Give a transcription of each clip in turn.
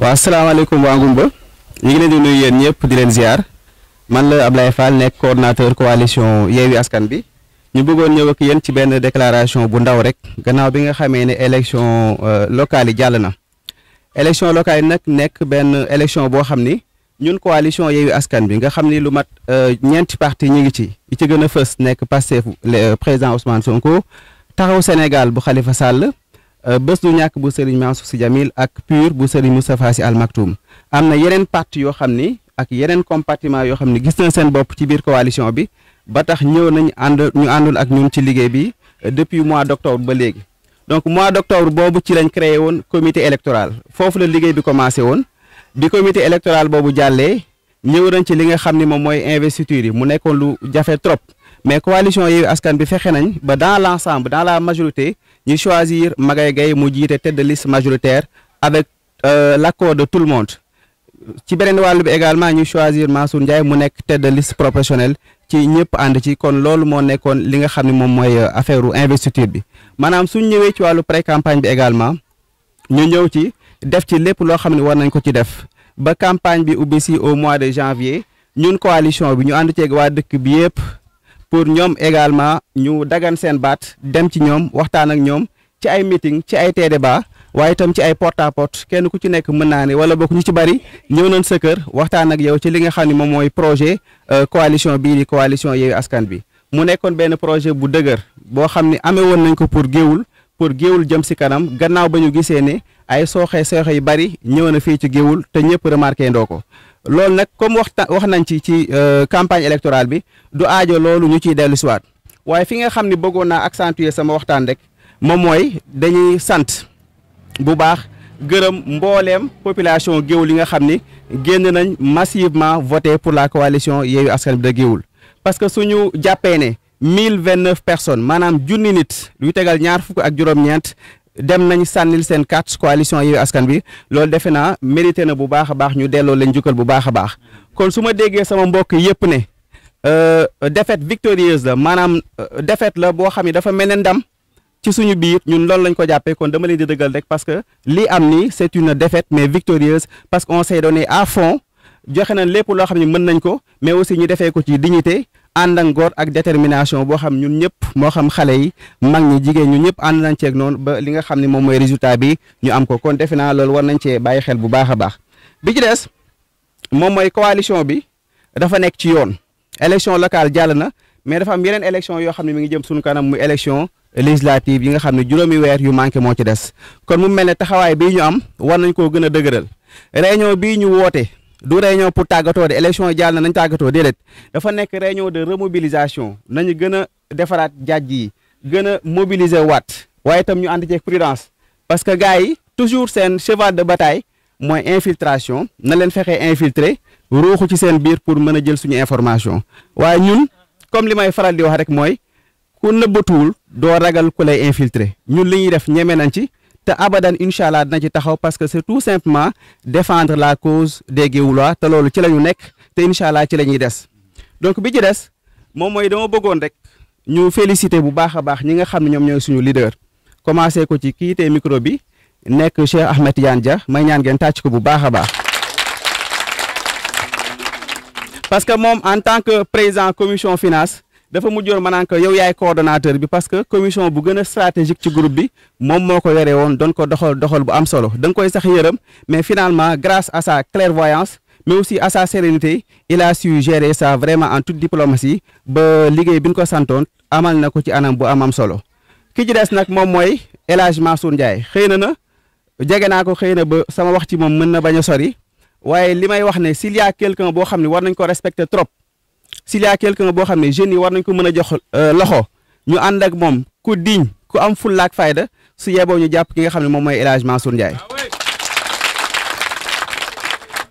waaw asalaamaaleykum waa Ngumba ñu ngi leen di nuyu yéen ñëpp di leen ziar man la Ablaye Fall nekk coordonnateur coalition Yewwi Askan bi ñu bëggoon ñëw ak yéen ci benn déclaration bu ndaw rek gannaaw bi nga xamee ne élection euh, locale yi jàll na. élection locale yi nag nekk benn élection boo xam ni ñun coalition Yewwi Askan bi nga xam ni lu mat euh, ñeenti parti ñu ngi ci yi ci gën a fës nekk Pastef euh, président Ousmane Sonko taxaw Sénégal bu xalifa Sall. Euh, bés du ñàkk bu Serigne Mansour Sy Djamil ak PUR bu Serigne Moustapha Sy Al am na yeneen parti yoo xam ni ak yeneen compartiment yoo xam ni gis nañ seen bopp ci biir coalition bi ba tax ñëw nañ ànd ñu àndul ak ñun ci liggéey bi euh, depuis mois d' octobre ba léegi donc mois d' octobre boobu ci lañ créé woon comité électoral foofu la liggéey bi commencé woon bi comité électoral boobu jàllee ñëw nañ ci li nga xam ni moom mooy investiture yi mu nekkoon lu jafe trop mais coalition yi askan bi fexe nañ ba dans l' ensemble dans la majorité ñu choisir Magaye Gaye mu jité tête de liste majoritaire avec euh, l'accord de tout le monde ci beneen walu bi également ñu choisir Mansour Ndiaye mu nek tête de liste proportionnelle ci ñëpp and ci kon loolu mo nekkoon li nga xamni mom moy mooy euh, investiture bi manam suñu ñëwé ci walu pré campagne bi également ñu ñëw ci def ci lépp loo xam ne war nañ ko ci def ba campagne bi ubbi si au mois de janvier ñun coalition bi ñu ànd ceeg waa dëkk bi yépp pour ñoom également ñu dagan seen baat dem ci ñoom waxtaan ak ñoom ci ay meeting ci ay teede baa waaye itam ci ay porte porte kenn ku ci nekk mën naa ne wala bokk ñu ci bari ñëw nañ sa kër waxtaan ak yow ci li nga xam ni moom mooy projet euh, coalition bii di coalition Yewwi Askan bi mu nekkoon benn projet bu dëgër boo xam ni amee woon nañ ko pour géewul pour géewul jëm si kanam gannaaw ba ñu gisee ni ay sooxe sooxe yu bari ñëw na fii ci géewul te ñëpp remarqué ndoo ko lool comme waxta ci ci euh, campagne électorale bi du aajo loolu ñu ciy dellu siwaat waaye fi nga xam accentuer sama rek dañuy sant bu baax population massivement voté pour la coalition Yewwi Askan bi da parce que suñu jàppee ne 1029 personnes dem nañ sànnil seen quatre coalition yi askan bi loolu defe naa mérité na bu baax a baax ñu delloo leen jukkal bu baax a baax kon su ma déggee sama mbokk yëpp ne euh, défaite victorieuse la maanaam euh, défaite la boo xam ne dafa mel ne ndam ci suñu biir ñun loolu lañ ko jàppee kon dama leen di dëggal rek parce que li am c'est une défaite mais victorieuse parce qu'on s'est donné à fond joxe nañ lépp loo xam ne mën nañ ko mais aussi ñu defee ko ci dignité ànd ak ak détermination boo xam ñun ñëpp moo xam xale yi mag ñi jigéen ñu ñëpp ànd nañ ceeg noonu ba li nga xam ne moom mooy résultat bi ñu am ko kon defe naa loolu war nañ cee bàyyi xel bu baax a baax bi ci des moom mooy coalition bi dafa nekk ci yoon élection locale jàll na mais dafa am yeneen élection yoo xam ne mu ngi jëm suñu kanam muy élection législative yi nga xam ne juróomi weer yu manqué moo ci des kon mu mel ne taxawaay bii ñu am war nañ koo gën a dëgëral ñu woote du réunion pour tàggatoo de élection yi jàll nañ tàggatoo déedéet dafa nekk réunion de remobilisation nañu gën a defaraat jàjj yi gën a mobiliser waat waaye itam ñu ànd ceeg prudence parce que gars yi toujours seen cheval de bataille mooy infiltration na leen fexe infiltrer ruuxu ci seen biir pour mën a jël suñu information waaye ñun comme li may faral di wax rek mooy ku nëbbatuwul doo ragal ku lay infiltrer ñun li ñuy def ñeme nañ ci. te abadan inshallah na ci taxaw parce que c'est tout simplement défendre la cause des Géoulois te lolu ci lañu nek te incha ci lañuy dess donc bi ci dess mom moy dama bëggone rek ñu féliciter bu baaxa baax ñi nga xam ñom ñoy suñu leader commencé ko ci te micro bi nek Cheikh Ahmed Tidiane Dia may ñaan ngeen tàcc ko bu baaxa baax parce que mom en tant que président commission finance dafa mujjoon ma naan ko yow yaay coordonnateur bi parce que commission bu gën stratégique ci groupe bi mom moko ko won don ko doxal doxal bu am solo dang koy sax yeureum mais finalement grâce à sa clairvoyance mais aussi à sa sérénité il a su gérer ça vraiment en toute diplomatie ba liggéey bi ñu ko amal na ci anam bu am am solo ki ci dess nak mom moy Elage Hadj Mansour Ndiaye xëy na na ko xeyna ba sama wax ci mom mën baña sori waye limay wax ne s'il y a quelqu'un bo xamni ne war nañ ko respecter trop s'il y a quelqu'un de xamné ne jeunes yi war nañ ko mëna jox euh, loxo ñu and ak mom ku diñ ku am fullaak fayda su yeboo ñu japp ki nga xamné mom moy Elage Mansour Ndiaye ah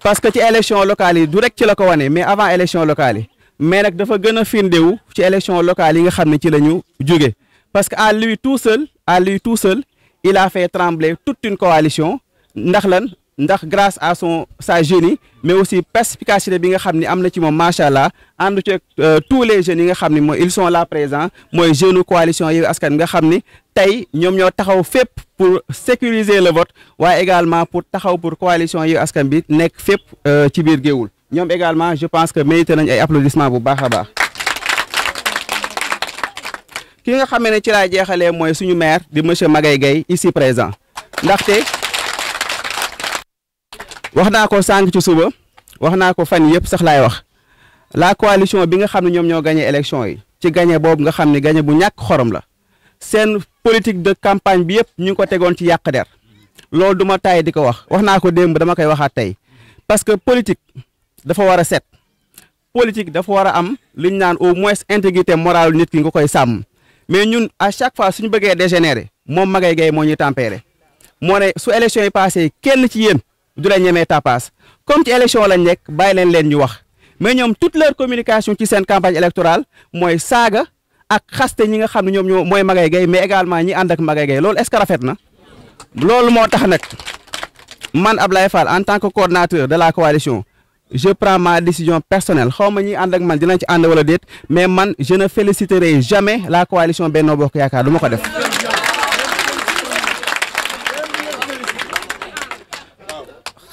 parce que ci élection locale yi du rek ci la ko mais avant élection locale mais nak dafa gëna a firndewu ci élection locale yi nga xamné ci lañu ñu parce que à lui tout seul à lui tout seul il a fait trembler toute une coalition ndax lan ndax grâce à son sa génie mais aussi perspicacité bi nga xamni amna ci mom machallah andu ci euh, tous les jeunes yi nga xamni moy ils sont là présents moy jeune coalition yi askan nga xamni tay ñom ñoo taxaw fep pour sécuriser le vote waaye également pour taxaw pour coalition yi askan bi nek fep euh, ci biir geewul ñom également je pense que mérité nañ ay applaudissements bu baax a baax ki nga xamee ci laa jéxalé moy suñu maire di monsieur Magaye Gaye ici présent té wax naa ko sànq ci suba wax naa ko fan yëpp sax laay wax la coalition bi nga xam ne ñoom ñoo gañee élection yi ci gañee boobu nga xam ne gagné bu ñàkk xorom la seen politique de campagne bi yëpp ñu ngi ko tegoon ci yàq der loolu duma tay di ko wax wax naa ko démb dama koy waxaat tey parce que politique dafa war a set politique dafa war a am li ñu naan au moins intégrité morale nit ki nga koy sàmm mais ñun à chaque fois suñu bëggee dégénérer moom Magaye Gaye moo ñuy tempéré moo ne su élection yi kenn ci yéen de la ñemee tapas comme ci élection la nekk bàyyi leen leen ñu wax mais ñoom toute leur communication qui ci une campagne électorale moi saga, ak xaste ñi nga xam ne ñoom ñoo mais également ñi ànd ak Magaye Gaye loolu est-ce que rafet non? loolu moo tax nag man Ablaye Fall en tant que coordinateur de la coalition je prends ma décision personnelle xaw ma ñi ànd ak man dinañ ci ànd wala mais man je ne féliciterai jamais la coalition Benno Bokk Yaakaar du ko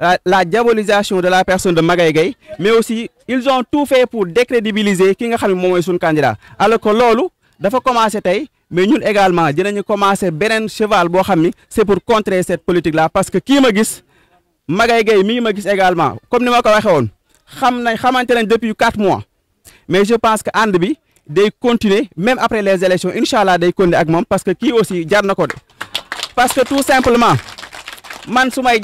Euh, la, diabolisation de la personne de Magaye mais aussi ils ont tout fait pour décrédibiliser qui est le candidat alors que il dafa commencé mais nous également avons commencé beneen cheval boo cheval, c'est pour contrer cette politique là parce que qui ma gis Magaye Gaye ma gis également comme nous ma dit, il xam depuis 4 mois mais je pense que ànd continuer même après les élections Inch'Allah, il day continuer ak parce que qui aussi il parce que tout simplement man suis may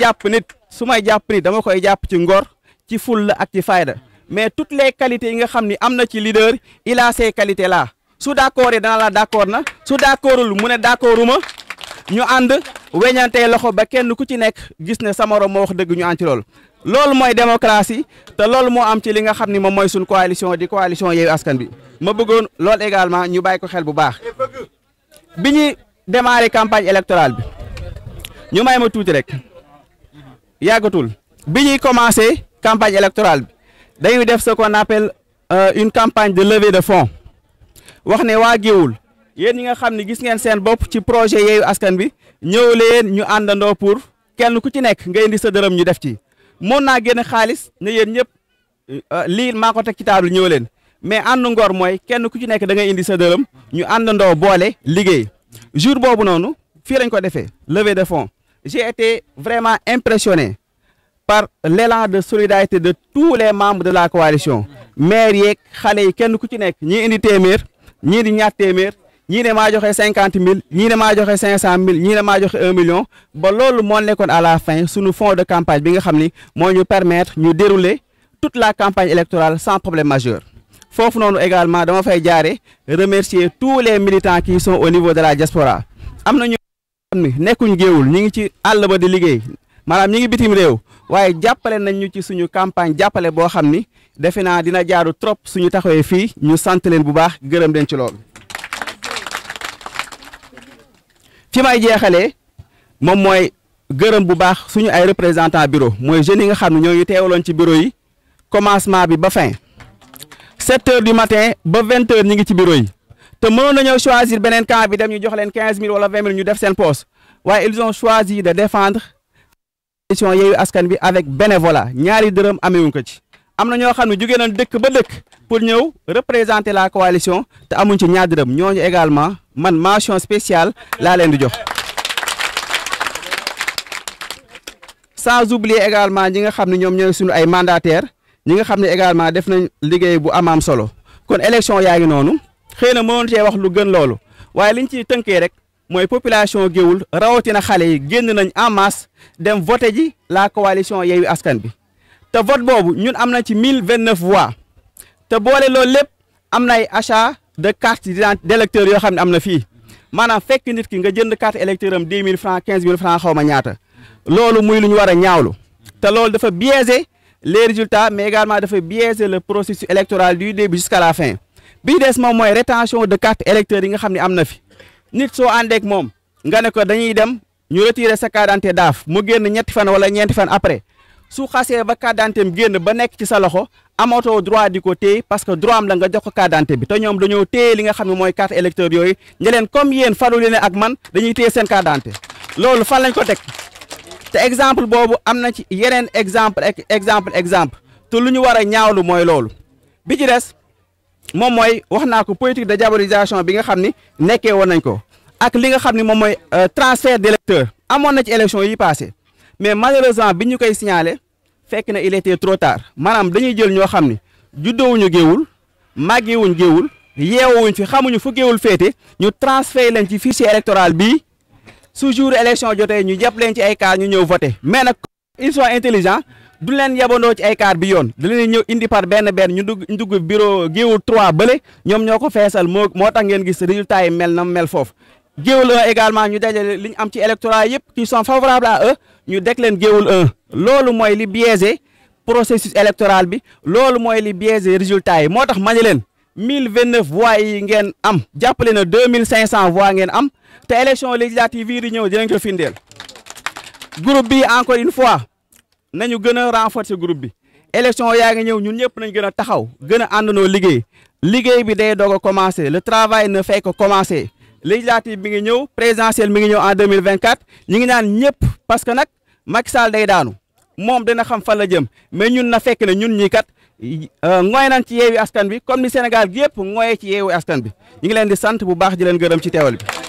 su japp ni dama koy japp ci ngor ci fulla ak ci fayda mais toutes les qualités yi nga xamni amna ci leader il a ces qualités là su d'accordé dana la d'accord na su d'accordul mune d'accorduma ñu and wéñanté loxo ba kenn ku ci nek gis né sa morom moo wax deug ñu and ci lool lool moy démocratie té lool mo am ci li nga xamni mom moy sun coalition di coalition Yewwi Askan bi ma bëggoon lool également ñu bay ko xel bu baax bi démarrer campagne électorale bi ñu may ma rek yagatul bi commencé campagne électorale bi dañuy def ce qu'on appelle euh, une campagne de levée de fonds wax ne wa nga projet yeeyu askan bi ñew pour kenn ku ci nekk nga indi sa deureum ñu def ci mo na ne euh, euh, mais andu ngor kenn jour levée de fonds j'ai été vraiment impressionné par l'élan de solidarité de tous les membres de la coalition maire Khalei, xale ni ni ku ci nekk ñii indi Temir, ni di ñaar téeméer ñii ne m'a joxe cinquante ni ne million ba le monde est à la fin sous nos fonds de campagne bi nga xam permettre ñu dérouler toute la campagne électorale sans problème majeur foofu nous également dama fay diaré, remercier tous les militants qui sont au niveau de la diaspora mi nekkuñ géewul ñu ngi ci àll ba di liggéey maanaam ñi ngi bitim réew waaye jàppale nañ ñu ci suñu campagne jàppale boo xam ni defe naa dina jaaru trop suñu taxawee fii ñu sant leen bu baax gërëm leen ci loolu. fi may jeexalee moom mooy gërëm bu baax suñu ay représentant bureau mooy jeunes yi nga xam ne ñoo ngi teewaloon ci bureau yi commencement bi ba fin 7 heures du matin ba 20 heures ñi ngi ci bureau yi. te mënoon nañoo choisir benen camp bi dem ñu jox leen 15000 wala 20000 ñu def seen poste waaye ils ont choisi de défendre émission Yewwi Askan bi avec bénévolat ñaari dërëm amewuñ ko ci am na ñoo xam ne jugee nañ dëkk ba dëkk pour ñëw représenter la coalition te amuñ ci ñaar dërëm ñooñu également man mention spéciale laa leen di jox sans oublier également ñi nga xam ne ñoom ñooy suñu ay mandataires ñi nga xam ne également def nañ liggéey bu Amam solo kon élection yaa ngi noonu xëy na mënoon cee wax lu gën loolu waaye liñ ci tënkee rek mooy population géwul rawatina xale yi génn nañ en mass dem voté ji la coalition Yewwi Askan bi te vote boobu ñun am na ci mille vingt neuf voix te boole loolu lépp am na ay achat de carte d'identité d'électeur yoo xam ne am na fii maanaam fekk nit ki nga jënd carte électeur am dix mille francs quinze mille francs xaw ma ñaata loolu muy lu ñu war a ñaawlu te loolu dafa biaisé les résultats mais également dafa biaisé le processus électoral du début jusqu'à fin bii des moom mooy rétention de carte électeur yi nga xam ne am na fi nit soo àndeek moom nga ne ko dañuy dem ñu retirer sa carte d'identité daaf mu génn ñetti fan wala ñeenti fan après su xasee ba carte d'identité génn ba nekk ci sa loxo amatoo droit di ko téye parce que droit am la nga jox ko carte d'identité bi te ñoom dañoo téye nga xam ne mooy carte électeur yooyu ñu leen comme yéen faru leen ak man dañuy téye seen carte loolu fan lañ ko teg te exemple boobu am na ci yeneen exemple exemple exemple te lu ñu war a ñaawlu mooy loolu moom moy waxna ko politique de diabolisation bi nga xamni ni nekkee nañ ko ak li nga xamni ni moy euh, transfert d'électeurs amoon na ci élection yi passé mais malheureusement biñu koy signaler fekk na il était trop tard manam dañuy jël ño ñoo xam ni juddoowuñu géewul màggeewuñ géewul yeewuñ fi xamuñu fu géewul féete ñu transfert leen ci fichier électoral bi sous jour élection jotee ñu japp leen ci ay cas ñu ñëw voter mais nak ils sont intelligents du leen yabandoo ci ay kaar bi yoon da ñëw indi par benn benn ñu dugg ñu dugg bureau géewul 3 bële ñoom ñoo ko feesal moo moo tax ngeen gis résultat yi mel na mel foofu. géewul 1 également ñu dajale li ñu am ci électorat yëpp qui sont favorables à eux ñu deg leen géewul 1 loolu mooy li biaisé processus électoral bi loolu mooy li biaisé résultat yi moo tax ma ne leen 1029 voix yi ngeen am jàppale na 2500 voix ngeen am te élection législative yi di ñëw dinañ ko findeel groupe bi encore fois. nañu gën a renforcer groupe bi élection yaa ngi ñëw ñun ñëpp nañ gën a taxaw gën a liggéey liggéey bi day doog a commencé le travail ne fait que commencer législative bi ngi ñëw présidentielle mi ngi ñëw en 2024 ñu ngi naan ñëpp parce que nag Macky Sall day daanu moom dina xam fan la jëm mais ñun na fekk ne ñun ñii kat euh, ngooy nañ ci yeewi askan bi comme ni Sénégal gi yëpp ngooyee ci yeewi askan bi ñu ngi leen di sant bu baax di leen gërëm ci teewal bi